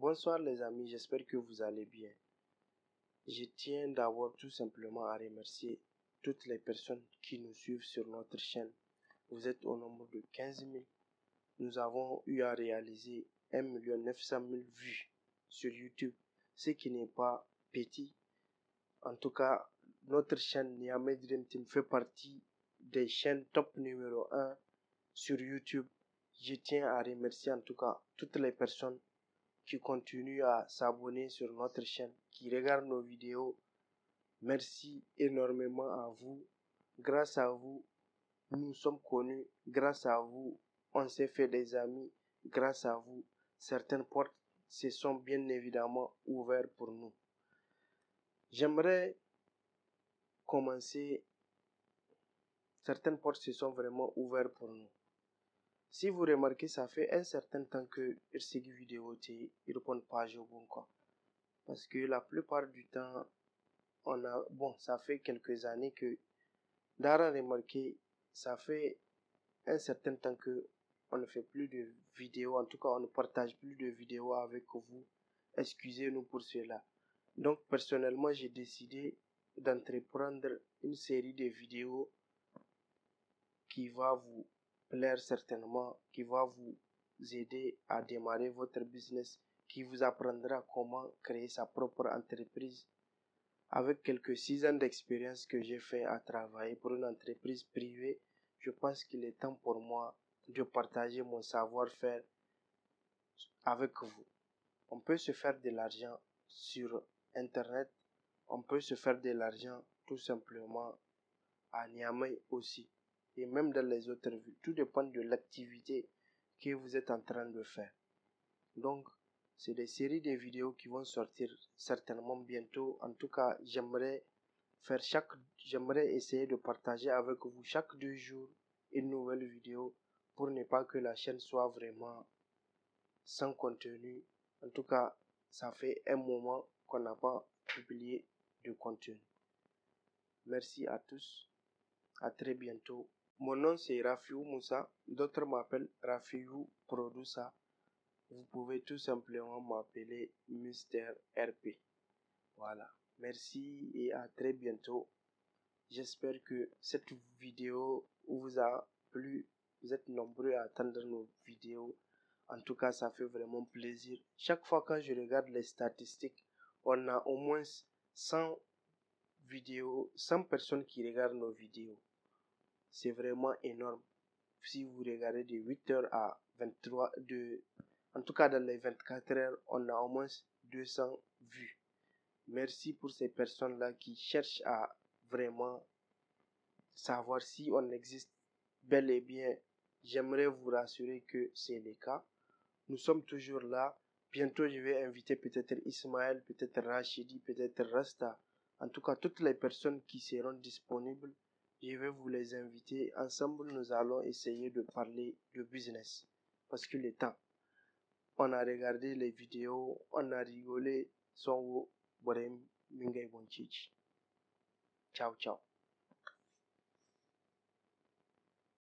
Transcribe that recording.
Bonsoir les amis, j'espère que vous allez bien. Je tiens d'abord tout simplement à remercier toutes les personnes qui nous suivent sur notre chaîne. Vous êtes au nombre de 15 000. Nous avons eu à réaliser 1 900 000 vues sur YouTube, ce qui n'est pas petit. En tout cas, notre chaîne Niamey Dream Team fait partie des chaînes top numéro 1 sur YouTube. Je tiens à remercier en tout cas toutes les personnes qui continue à s'abonner sur notre chaîne, qui regarde nos vidéos. Merci énormément à vous. Grâce à vous, nous sommes connus. Grâce à vous, on s'est fait des amis. Grâce à vous, certaines portes se sont bien évidemment ouvertes pour nous. J'aimerais commencer. Certaines portes se sont vraiment ouvertes pour nous. Si vous remarquez, ça fait un certain temps que RCG Vidéo ne répond pas à quoi. Parce que la plupart du temps, on a, bon, ça fait quelques années que Dara remarqué, ça fait un certain temps que on ne fait plus de vidéos, en tout cas on ne partage plus de vidéos avec vous. Excusez-nous pour cela. Donc personnellement j'ai décidé d'entreprendre une série de vidéos qui va vous plaire certainement, qui va vous aider à démarrer votre business, qui vous apprendra comment créer sa propre entreprise. Avec quelques six ans d'expérience que j'ai fait à travailler pour une entreprise privée, je pense qu'il est temps pour moi de partager mon savoir-faire avec vous. On peut se faire de l'argent sur Internet, on peut se faire de l'argent tout simplement à Niamey aussi et même dans les autres vues Tout dépend de l'activité que vous êtes en train de faire. Donc, c'est des séries de vidéos qui vont sortir certainement bientôt. En tout cas, j'aimerais faire chaque, j'aimerais essayer de partager avec vous chaque deux jours une nouvelle vidéo pour ne pas que la chaîne soit vraiment sans contenu. En tout cas, ça fait un moment qu'on n'a pas publié de contenu. Merci à tous. À très bientôt. Mon nom c'est Rafiou Moussa. D'autres m'appellent Rafiou Produsa. Vous pouvez tout simplement m'appeler Mister RP. Voilà. Merci et à très bientôt. J'espère que cette vidéo vous a plu. Vous êtes nombreux à attendre nos vidéos. En tout cas, ça fait vraiment plaisir. Chaque fois que je regarde les statistiques, on a au moins 100 vidéos, 100 personnes qui regardent nos vidéos c'est vraiment énorme. Si vous regardez de 8h à 23, de, en tout cas dans les 24 heures, on a au moins 200 vues. Merci pour ces personnes-là qui cherchent à vraiment savoir si on existe bel et bien. J'aimerais vous rassurer que c'est le cas. Nous sommes toujours là. Bientôt, je vais inviter peut-être Ismaël, peut-être Rachidi, peut-être Rasta. En tout cas, toutes les personnes qui seront disponibles je vais vous les inviter. Ensemble, nous allons essayer de parler de business. Parce que le temps, on a regardé les vidéos, on a rigolé. Songo, Borem, Mingay Bonchich. Ciao, ciao.